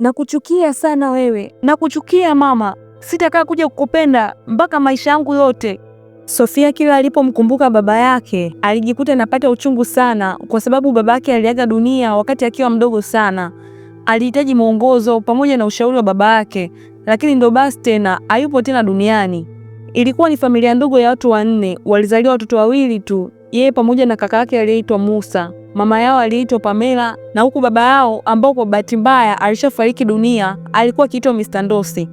Nakuchukia sana wewe, nakuchukia mama, sitakaa kuja kukupenda mpaka maisha yangu yote. Sofia kila alipomkumbuka baba yake alijikuta anapata uchungu sana, kwa sababu baba yake aliaga dunia wakati akiwa mdogo sana. Alihitaji mwongozo pamoja na ushauri wa baba yake, lakini ndo basi tena, hayupo tena duniani. Ilikuwa ni familia ndogo ya watu wanne, walizaliwa watoto wawili tu, yeye pamoja na kaka yake aliyeitwa Musa mama yao aliitwa Pamela na huku baba yao ambao kwa bahati mbaya alishafariki dunia alikuwa akiitwa Mr. Ndosi.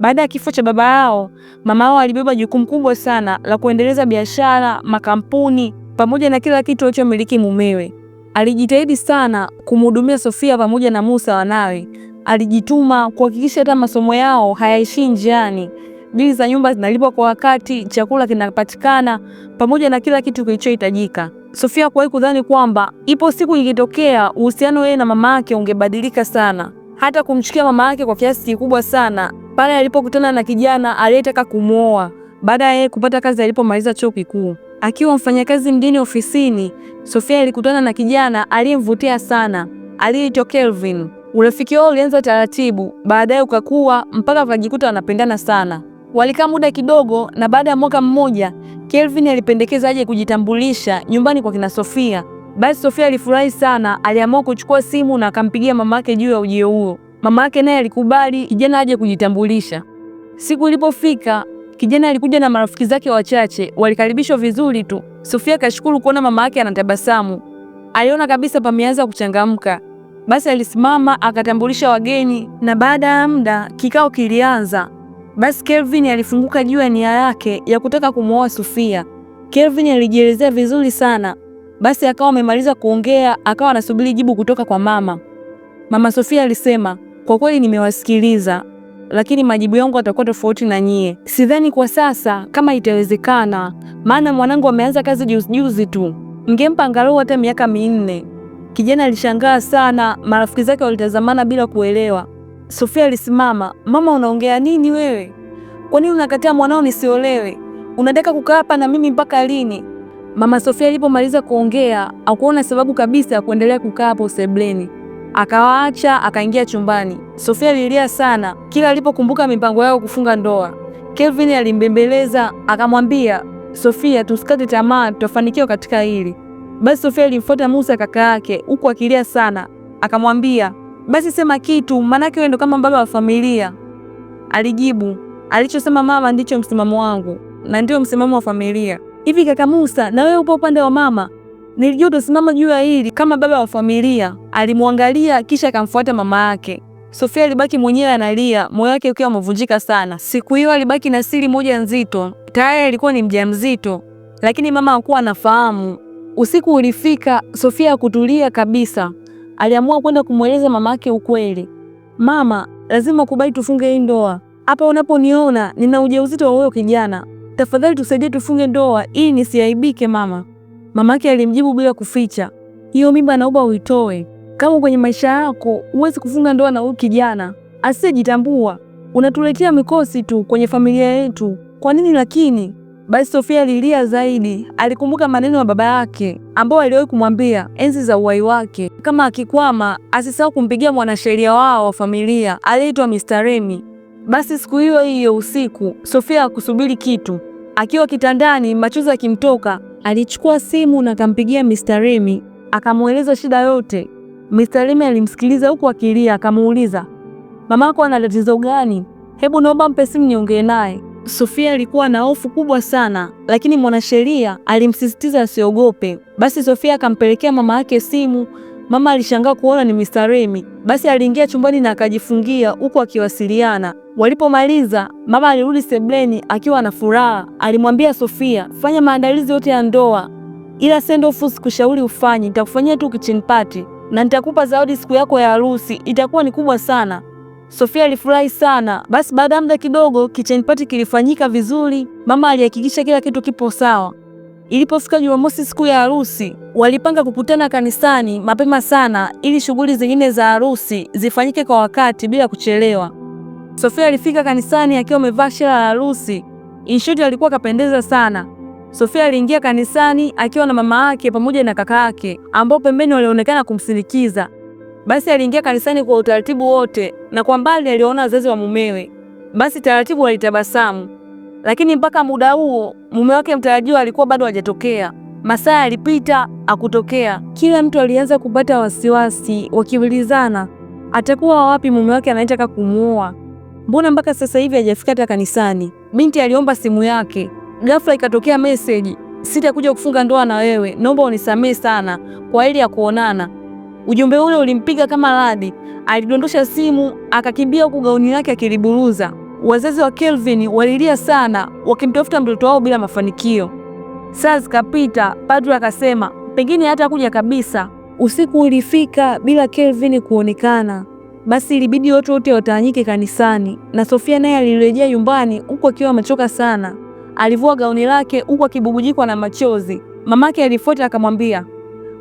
Baada ya kifo cha baba yao, mama yao alibeba jukumu kubwa sana la kuendeleza biashara, makampuni pamoja na kila kitu alichomiliki mumewe. Alijitahidi sana kumhudumia Sofia pamoja na Musa wanawe. Alijituma kuhakikisha hata masomo yao hayaishii njiani. Bili za nyumba zinalipwa kwa wakati, chakula kinapatikana pamoja na kila kitu kilichohitajika. Sofia hakuwahi kudhani kwamba ipo siku ikitokea uhusiano yeye na mama yake ungebadilika sana, hata kumchukia mama yake kwa kiasi kikubwa sana pale alipokutana na kijana aliyetaka kumwoa baada ya yeye kupata kazi alipomaliza chuo kikuu. Akiwa mfanyakazi mjini ofisini, Sofia alikutana na kijana aliyemvutia sana aliyeitwa Kelvin. Urafiki wao ulianza taratibu, baadaye ukakuwa mpaka wakajikuta wanapendana sana. Walikaa muda kidogo, na baada ya mwaka mmoja Kelvin alipendekeza aje kujitambulisha nyumbani kwa kina Sofia. Basi Sofia alifurahi sana, aliamua kuchukua simu na akampigia mama yake juu ya ujio huo. Mama yake naye alikubali kijana aje kujitambulisha. Siku ilipofika, kijana alikuja na marafiki zake wachache, walikaribishwa vizuri tu. Sofia akashukuru kuona mama yake anatabasamu, aliona kabisa pameanza kuchangamka. Basi alisimama akatambulisha wageni, na baada ya muda kikao kilianza. Basi Kelvin alifunguka juu ya nia yake ya kutaka kumwoa Sofia. Kelvin alijielezea vizuri sana. Basi akawa amemaliza kuongea, akawa anasubiri jibu kutoka kwa mama. Mama Sofia alisema, kwa kweli nimewasikiliza, lakini majibu yangu yatakuwa tofauti na nyie. Sidhani kwa sasa kama itawezekana, maana mwanangu ameanza kazi juzi tu, ngempa angalau hata miaka minne. Kijana alishangaa sana, marafiki zake walitazamana bila kuelewa. Sofia alisimama. Mama, unaongea nini wewe? Kwa nini unakataa mwanao nisiolewe? Unataka kukaa hapa na mimi mpaka lini? Mama Sofia alipomaliza kuongea, hakuona sababu kabisa ya kuendelea kukaa hapo sebleni. Akawaacha, akaingia chumbani. Sofia alilia sana kila alipokumbuka mipango yao kufunga ndoa. Kelvin alimbembeleza, akamwambia, "Sofia, tusikate tamaa, tutafanikiwa katika hili." Basi Sofia alimfuata Musa kaka yake huku akilia sana. Akamwambia, basi sema kitu, maanake wewe ndo kama baba wa familia. Alijibu, alichosema mama ndicho msimamo wangu na ndio msimamo wa familia. Hivi kaka Musa, na wewe upo upande wa mama? Nilijua utasimama juu ya hili kama baba wa familia. Alimwangalia kisha akamfuata mama yake. Sofia alibaki mwenyewe analia, moyo wake ukiwa umevunjika sana. Siku hiyo alibaki na siri moja nzito. Tayari alikuwa ni mjamzito, lakini mama hakuwa anafahamu. Usiku ulifika, Sofia hakutulia kabisa aliamua kwenda kumweleza mamake ukweli. Mama, lazima kubali tufunge hii ndoa. Hapa unaponiona nina ujauzito wa wewe kijana. Tafadhali tusaidie tufunge ndoa ili nisiaibike mama. Mamake alimjibu bila kuficha. Hiyo mimba naomba uitoe. Kama kwenye maisha yako huwezi kufunga ndoa na huyu kijana asiyejitambua, unatuletea mikosi tu kwenye familia yetu. Kwa nini lakini basi Sofia alilia zaidi. Alikumbuka maneno ya baba yake ambao aliwahi kumwambia enzi za uhai wake, kama akikwama asisahau kumpigia mwanasheria wao wa familia aliyeitwa Mr. Remy. Basi siku hiyo hiyo usiku, Sofia hakusubiri kitu. Akiwa kitandani, machozi akimtoka, alichukua simu na akampigia Mr. Remy, akamweleza shida yote. Mr. Remy alimsikiliza huku akilia, akamuuliza, mamako ana tatizo gani? Hebu naomba mpe simu niongee naye. Sofia alikuwa na hofu kubwa sana, lakini mwanasheria alimsisitiza asiogope. Basi Sofia akampelekea mama yake simu. Mama alishangaa kuona ni Mr. Remy. Basi aliingia chumbani na akajifungia huku akiwasiliana. Walipomaliza, mama alirudi sebleni akiwa na furaha. Alimwambia Sofia, fanya maandalizi yote ya ndoa, ila send off sikushauri ufanye, nitakufanyia tu kitchen party na nitakupa zawadi siku yako ya harusi, itakuwa ni kubwa sana. Sofia alifurahi sana. Basi baada ya muda kidogo, kitchen party kilifanyika vizuri. Mama alihakikisha kila kitu kipo sawa. Ilipofika Jumamosi, siku ya harusi, walipanga kukutana kanisani mapema sana ili shughuli zingine za harusi zifanyike kwa wakati bila kuchelewa. Sofia alifika kanisani akiwa amevaa shela la harusi. In short, alikuwa kapendeza sana. Sofia aliingia kanisani akiwa na mama yake pamoja na kaka yake ambao pembeni walionekana kumsindikiza. Basi aliingia kanisani kwa utaratibu wote, na kwa mbali aliona wazazi wa mumewe. Basi taratibu alitabasamu, lakini mpaka muda huo mume wake mtarajiwa alikuwa bado hajatokea. Masaa yalipita, akutokea. Kila mtu alianza kupata wasiwasi, wakiulizana atakuwa wapi mume wake anayetaka kumuoa, mbona mpaka sasa hivi hajafika hata kanisani? Binti aliomba simu yake, ghafla ikatokea meseji, sitakuja kufunga ndoa na wewe, naomba unisamehe sana kwa ili ya kuonana Ujumbe ule ulimpiga kama radi, alidondosha simu akakimbia huku gauni lake akiliburuza. Wazazi wa Kelvin walilia sana, wakimtafuta mtoto wao bila mafanikio. Saa zikapita, padri akasema pengine hata kuja kabisa. Usiku ulifika bila Kelvin kuonekana. Basi ilibidi watu wote watawanyike kanisani, na Sofia naye alirejea nyumbani huku akiwa amechoka sana. Alivua gauni lake huku akibubujikwa na machozi. Mamake alifuata akamwambia,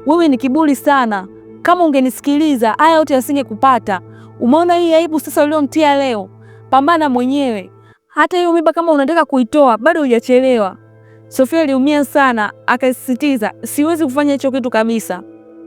wewe ni kiburi sana kama ungenisikiliza haya yote yasingekupata. Umeona hii aibu sasa uliomtia leo? Pambana mwenyewe. Hata hiyo mimba kama unataka kuitoa bado hujachelewa. Sofia aliumia sana, akasisitiza siwezi kufanya hicho kitu kabisa.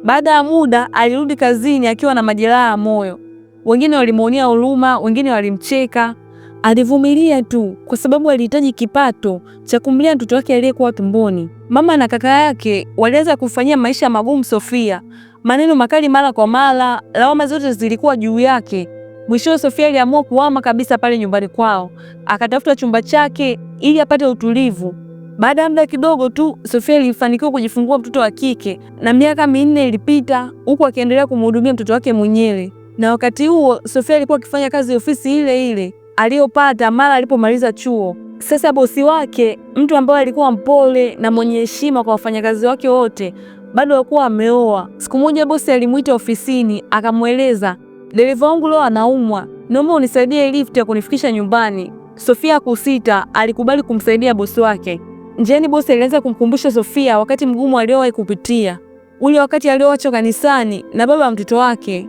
Baada ya muda alirudi kazini akiwa na majeraha ya moyo. Wengine walimuonea huruma, wengine walimcheka. Alivumilia tu kwa sababu alihitaji kipato cha kumlea mtoto wake aliyekuwa tumboni. Mama na kaka yake walianza kufanyia maisha magumu Sofia, maneno makali mara kwa mara, lawama zote zilikuwa juu yake. Mwishowe Sofia aliamua kuhama kabisa pale nyumbani kwao, akatafuta chumba chake ili apate utulivu. Baada ya muda kidogo tu Sofia ilifanikiwa kujifungua mtoto wa kike, na miaka minne ilipita huku akiendelea kumhudumia mtoto wake mwenyewe. Na wakati huo Sofia alikuwa akifanya kazi ofisi ile ile aliyopata mara alipomaliza chuo. Sasa bosi wake, mtu ambaye alikuwa mpole na mwenye heshima kwa wafanyakazi wake wote, bado hakuwa ameoa. Siku moja bosi alimwita ofisini akamweleza, dereva wangu leo anaumwa, naomba unisaidie lift ya kunifikisha nyumbani. Sofia kusita, alikubali kumsaidia bosi wake. Njiani bosi alianza kumkumbusha Sofia wakati mgumu aliowahi kupitia, ule wakati alioachwa kanisani na baba wa mtoto wake.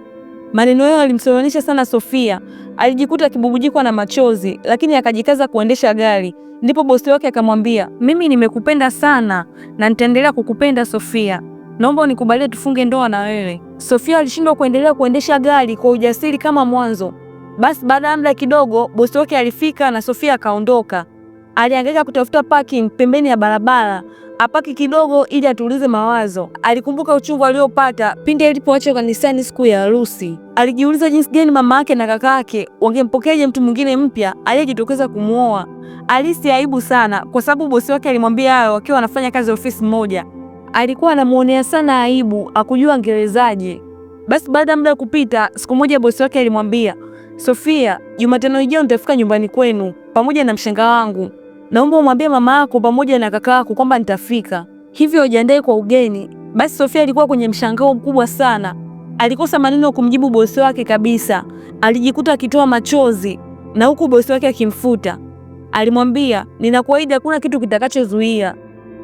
Maneno yao yalimsononeshwa sana Sofia, alijikuta akibubujikwa na machozi, lakini akajikaza kuendesha gari. Ndipo bosi wake akamwambia, mimi nimekupenda sana na nitaendelea kukupenda Sofia naomba unikubalie tufunge ndoa na wewe. Sofia alishindwa kuendelea kuendesha gari kwa ujasiri kama mwanzo. Basi baada ya muda kidogo, bosi wake alifika na Sofia akaondoka. Alihangaika kutafuta parking pembeni ya barabara apaki kidogo ili atulize mawazo. Alikumbuka uchungu aliopata pindi alipoacha kanisani siku ya harusi. Alijiuliza jinsi gani mama yake na kaka yake wangempokeaje mtu mwingine mpya aliyejitokeza kumwoa. Alihisi aibu sana, kwa sababu bosi wake alimwambia hayo wakiwa wanafanya kazi ofisi moja alikuwa anamwonea sana aibu, akujua angewezaje. Basi baada ya muda kupita, siku moja bosi wake alimwambia, Sofia, Jumatano ijayo nitafika nyumbani kwenu pamoja na mshenga wangu. Naomba umwambie mama yako pamoja na kaka yako kwamba nitafika, hivyo ujiandae kwa ugeni. Basi Sofia alikuwa kwenye mshangao mkubwa sana, alikosa maneno kumjibu bosi wake kabisa. Alijikuta akitoa machozi na huku bosi wake akimfuta. Alimwambia, ninakuahidi hakuna kitu kitakachozuia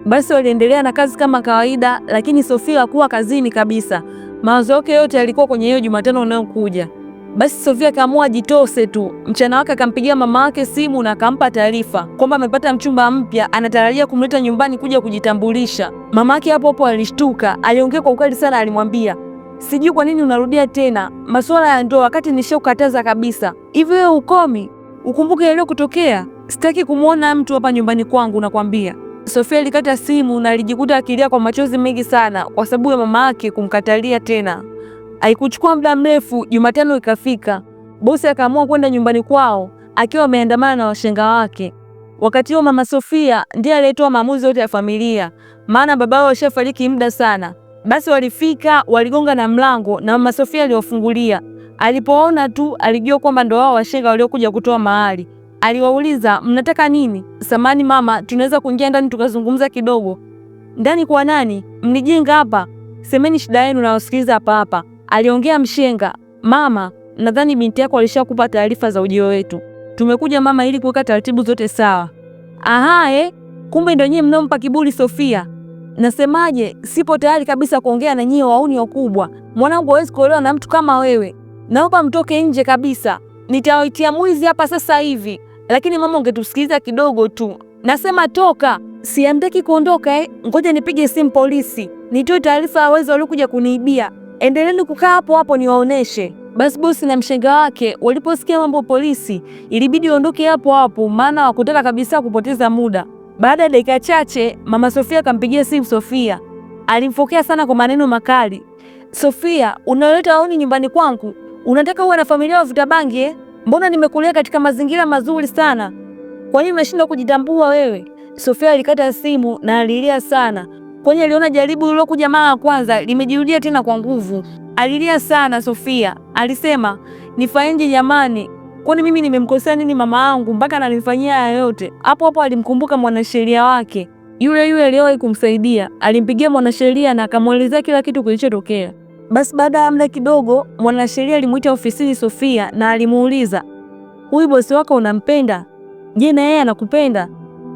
basi waliendelea na kazi kama kawaida, lakini Sofia hakuwa kazini kabisa. Mawazo yake yote yalikuwa kwenye hiyo Jumatano inayokuja. Basi Sofia akaamua jitose tu. Mchana wake akampigia mama yake simu na akampa taarifa kwamba amepata mchumba mpya, anatarajia kumleta nyumbani kuja kujitambulisha. Mama yake hapo hapo alishtuka, aliongea kwa ukali sana, alimwambia sijui kwa nini unarudia tena masuala ya ndoa wakati nishakukataza kabisa. Hivi wewe ukomi? Ukumbuke yaliyokutokea. Sitaki kumwona mtu hapa nyumbani kwangu, nakwambia. Sofia alikata simu na alijikuta akilia kwa machozi mengi sana kwa sababu ya mama yake kumkatalia tena. Haikuchukua muda mrefu, Jumatano ikafika. Bosi akaamua kwenda nyumbani kwao akiwa ameandamana na washenga wake. Wakati huo mama Sofia ndiye aliyetoa maamuzi yote ya familia, maana babao washafariki muda sana. Basi walifika, waligonga na mlango na mama Sofia aliwafungulia. Alipoona tu alijua kwamba ndo wao washenga waliokuja kutoa mahali aliwauliza mnataka nini? Samani mama, tunaweza kuingia ndani tukazungumza kidogo. Ndani kwa nani? Mnijenga hapa? Semeni shida yenu nawasikiliza hapa hapa. Aliongea mshenga. Mama, nadhani binti yako alishakupa taarifa za ujio wetu. Tumekuja mama, ili kuweka taratibu zote sawa. Aha, eh, kumbe ndio nyie mnompa kiburi Sofia. Nasemaje, sipo tayari kabisa kuongea na nyie wauni wakubwa. Mwanangu hawezi kuolewa na mtu kama wewe. Naomba mtoke nje kabisa. Nitawaitia mwizi hapa sasa hivi lakini mama, ungetusikiliza kidogo tu. Nasema toka, siamtaki kuondoka eh. Ngoja nipige simu polisi nitoe taarifa waweze wezi waliokuja kuniibia. Endeleeni kukaa hapo hapo niwaoneshe. Basi bosi na mshenga wake waliposikia mambo polisi, ilibidi waondoke hapo hapo, maana wakutaka kabisa kupoteza muda. Baada ya dakika chache, mama Sofia akampigia simu Sofia. Alimfokea sana kwa maneno makali. Sofia, unaleta aoni nyumbani kwangu? Unataka uwe na familia wa vutabangi eh? Mbona nimekulia katika mazingira mazuri sana, kwa nini umeshindwa kujitambua wewe? Sofia alikata simu na alilia sana, kwani aliona jaribu lilokuja mara ya kwanza limejirudia tena kwa nguvu. Alilia sana Sofia, alisema nifanyeje jamani, kwani mimi nimemkosea nini mama yangu mpaka ananifanyia haya yote? Hapo hapo alimkumbuka mwanasheria wake yule yule aliyewahi kumsaidia, alimpigia mwanasheria na akamwelezea kila kitu kilichotokea. Basi baada ya muda kidogo, mwanasheria alimuita ofisini Sofia na alimuuliza, huyu bosi wako unampenda? Je, na yeye anakupenda?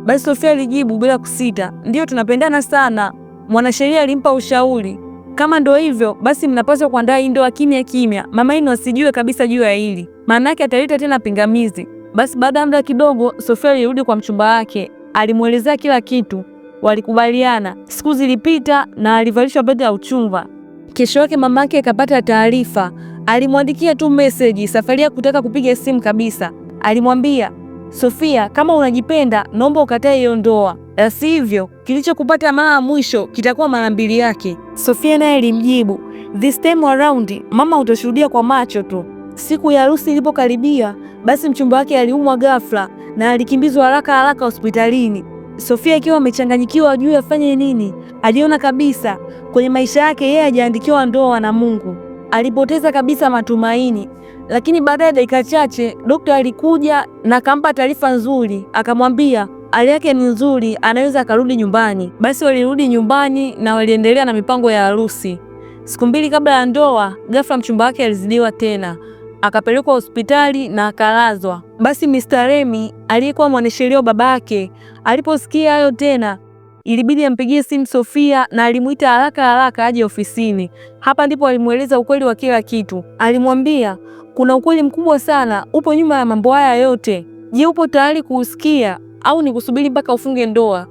Basi Sofia alijibu bila kusita, ndiyo, tunapendana sana. Mwanasheria alimpa ushauri, kama ndo hivyo basi mnapaswa kuandaa hii ndoa kimya kimya, mama yenu asijue kabisa juu ya hili, maana yake ataleta tena pingamizi. Basi baada ya muda kidogo, Sofia alirudi kwa mchumba wake, alimuelezea kila kitu, walikubaliana. Siku zilipita na alivalishwa pete ya uchumba. Kesho yake mamake akapata taarifa, alimwandikia tu meseji, safari ya kutaka kupiga simu kabisa. Alimwambia, Sofia, kama unajipenda naomba ukatae hiyo ndoa, la sivyo kilichokupata mara mwisho kitakuwa mara mbili yake. Sofia naye alimjibu, this time around mama, utashuhudia kwa macho tu. Siku ya harusi ilipokaribia, basi mchumba wake aliumwa ghafla na alikimbizwa haraka haraka hospitalini. Sofia akiwa amechanganyikiwa ajui afanye nini, aliona kabisa kwenye maisha yake yeye hajaandikiwa ndoa na Mungu. Alipoteza kabisa matumaini, lakini baada ya dakika chache dokta alikuja na akampa taarifa nzuri, akamwambia hali yake ni nzuri, anaweza akarudi nyumbani. Basi walirudi nyumbani na waliendelea na mipango ya harusi. Siku mbili kabla ya ndoa, ghafla mchumba wake alizidiwa tena, akapelekwa hospitali na akalazwa. Basi Mr. Remi aliyekuwa mwanasheria wa babake aliposikia hayo tena ilibidi ampigie simu Sofia na alimuita haraka haraka aje ofisini. Hapa ndipo alimweleza ukweli wa kila kitu. Alimwambia kuna ukweli mkubwa sana upo nyuma ya mambo haya yote. Je, upo tayari kuusikia au kusubiri mpaka ufunge ndoa?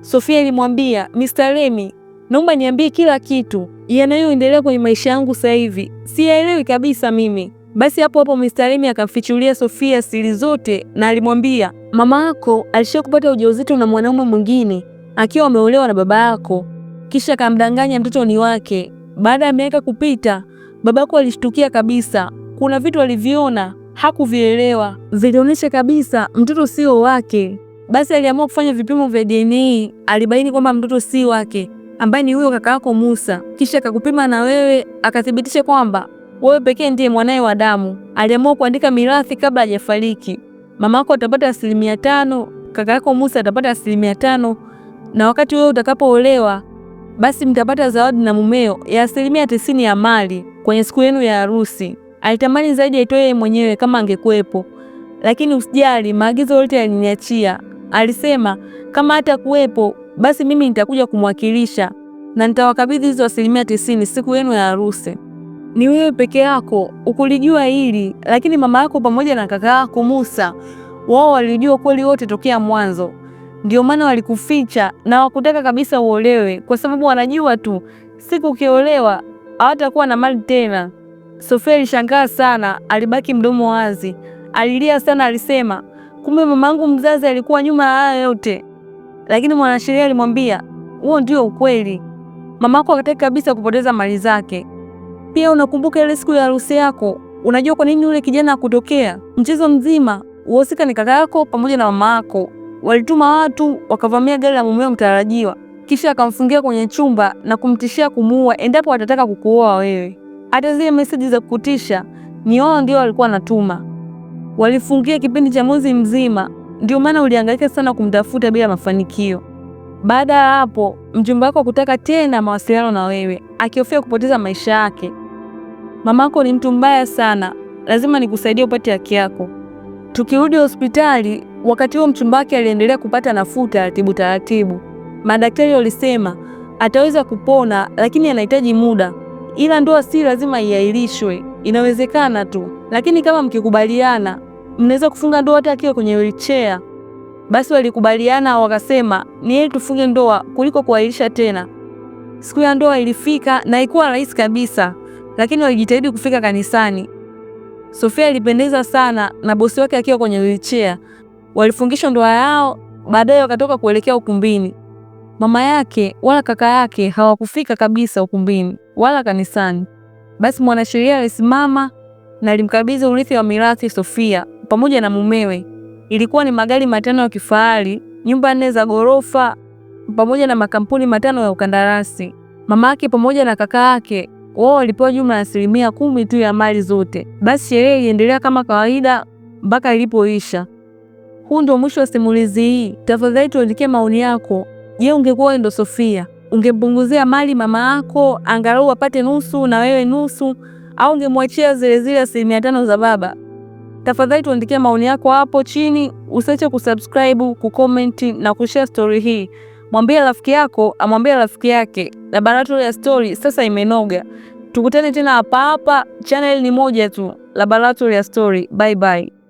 Sofia ilimwambia Mr. Remi, naomba niambie kila kitu yanayoendelea kwenye maisha yangu sasa hivi, siyaelewi kabisa mimi. Basi hapo hapo Mr. Remi akamfichulia Sofia siri zote na alimwambia, mama yako alishia kupata ujauzito na mwanaume mwingine akiwa ameolewa na baba yako, kisha akamdanganya mtoto ni wake. Baada ya miaka kupita, babako alishtukia kabisa. Kuna vitu aliviona hakuvielewa, vilionyesha kabisa mtoto sio wake. Basi aliamua kufanya vipimo vya DNA, alibaini kwamba mtoto si wake, ambaye ni huyo kaka yako Musa. Kisha akakupima na wewe, akathibitisha kwamba wewe pekee ndiye mwanaye wa damu, aliamua kuandika mirathi kabla hajafariki. Mamako atapata asilimia tano, kaka yako Musa atapata asilimia tano, na wakati wewe utakapoolewa basi mtapata zawadi na mumeo ya asilimia tisini ya mali kwenye siku yenu ya harusi. Alitamani zaidi aitoe mwenyewe kama angekuwepo, lakini usijali, maagizo yote aliniachia. Alisema kama hata kuwepo basi mimi nitakuja kumwakilisha na nitawakabidhi hizo asilimia tisini siku yenu ya harusi ni wewe peke yako ukulijua hili, lakini mama yako pamoja na kaka yako Musa wao walijua kweli wote tokea mwanzo. Ndio maana walikuficha na wakutaka kabisa uolewe, kwa sababu wanajua tu siku ukiolewa hawatakuwa na mali tena. Sofia alishangaa sana, alibaki mdomo wazi, alilia sana, alisema kumbe mamangu mzazi alikuwa nyuma ya haya yote. Lakini mwanasheria alimwambia huo ndio ukweli, mamako akataka kabisa kupoteza mali zake. Pia unakumbuka ile siku ya harusi yako, unajua kwa nini yule kijana akutokea? Mchezo mzima uhusika ni kaka yako pamoja na mama yako, walituma watu wakavamia gari la mumeo mtarajiwa, kisha akamfungia kwenye chumba na kumtishia kumuua endapo atataka kukuoa wewe. Hata zile meseji za kutisha ni wao ndio walikuwa wanatuma, walifungia kipindi cha mwezi mzima. Ndio maana ulihangaika sana kumtafuta bila mafanikio. Baada ya hapo, mjumbe wako kutaka tena mawasiliano na wewe, akihofia kupoteza maisha yake mamako ni mtu mbaya sana, lazima nikusaidie upate haki yako. Tukirudi hospitali, wakati huo mchumba wake aliendelea kupata nafuu taratibu taratibu. Madaktari walisema ataweza kupona, lakini anahitaji muda, ila ndoa si lazima iahirishwe, inawezekana tu, lakini kama mkikubaliana, mnaweza kufunga ndoa hata akiwa kwenye wheelchair. Basi walikubaliana, wakasema ni heri tufunge ndoa kuliko kuahirisha tena. Siku ya ndoa ilifika na ilikuwa rahisi kabisa lakini walijitahidi kufika kanisani. Sofia alipendeza sana na bosi wake akiwa kwenye wheelchair. Walifungisha ndoa yao, baadaye wakatoka kuelekea ukumbini. Mama yake wala kaka yake hawakufika kabisa ukumbini wala kanisani. Basi mwanasheria alisimama na alimkabidhi urithi wa mirathi Sofia pamoja na mumewe. Ilikuwa ni magari matano ya kifahari, nyumba nne za ghorofa pamoja na makampuni matano ya ukandarasi. Mama yake pamoja na kaka yake wao walipewa jumla ya asilimia kumi tu ya mali zote. Basi sherehe iliendelea kama kawaida mpaka ilipoisha. Huu ndio mwisho wa simulizi hii. Tafadhali tuandikie maoni yako. Je, ungekuwa ndo Sofia, ungempunguzia mali mama yako angalau apate nusu na wewe nusu, au ungemwachia zile zile asilimia tano za baba? Tafadhali tuandikie maoni yako hapo chini. Usiache kusubscribe, kucomment na kushare stori hii mwambie rafiki yako amwambie rafiki yake, na Laboratory ya Story sasa imenoga. Tukutane tena hapa hapa, channel ni moja tu, Laboratory ya Story. Bye bye.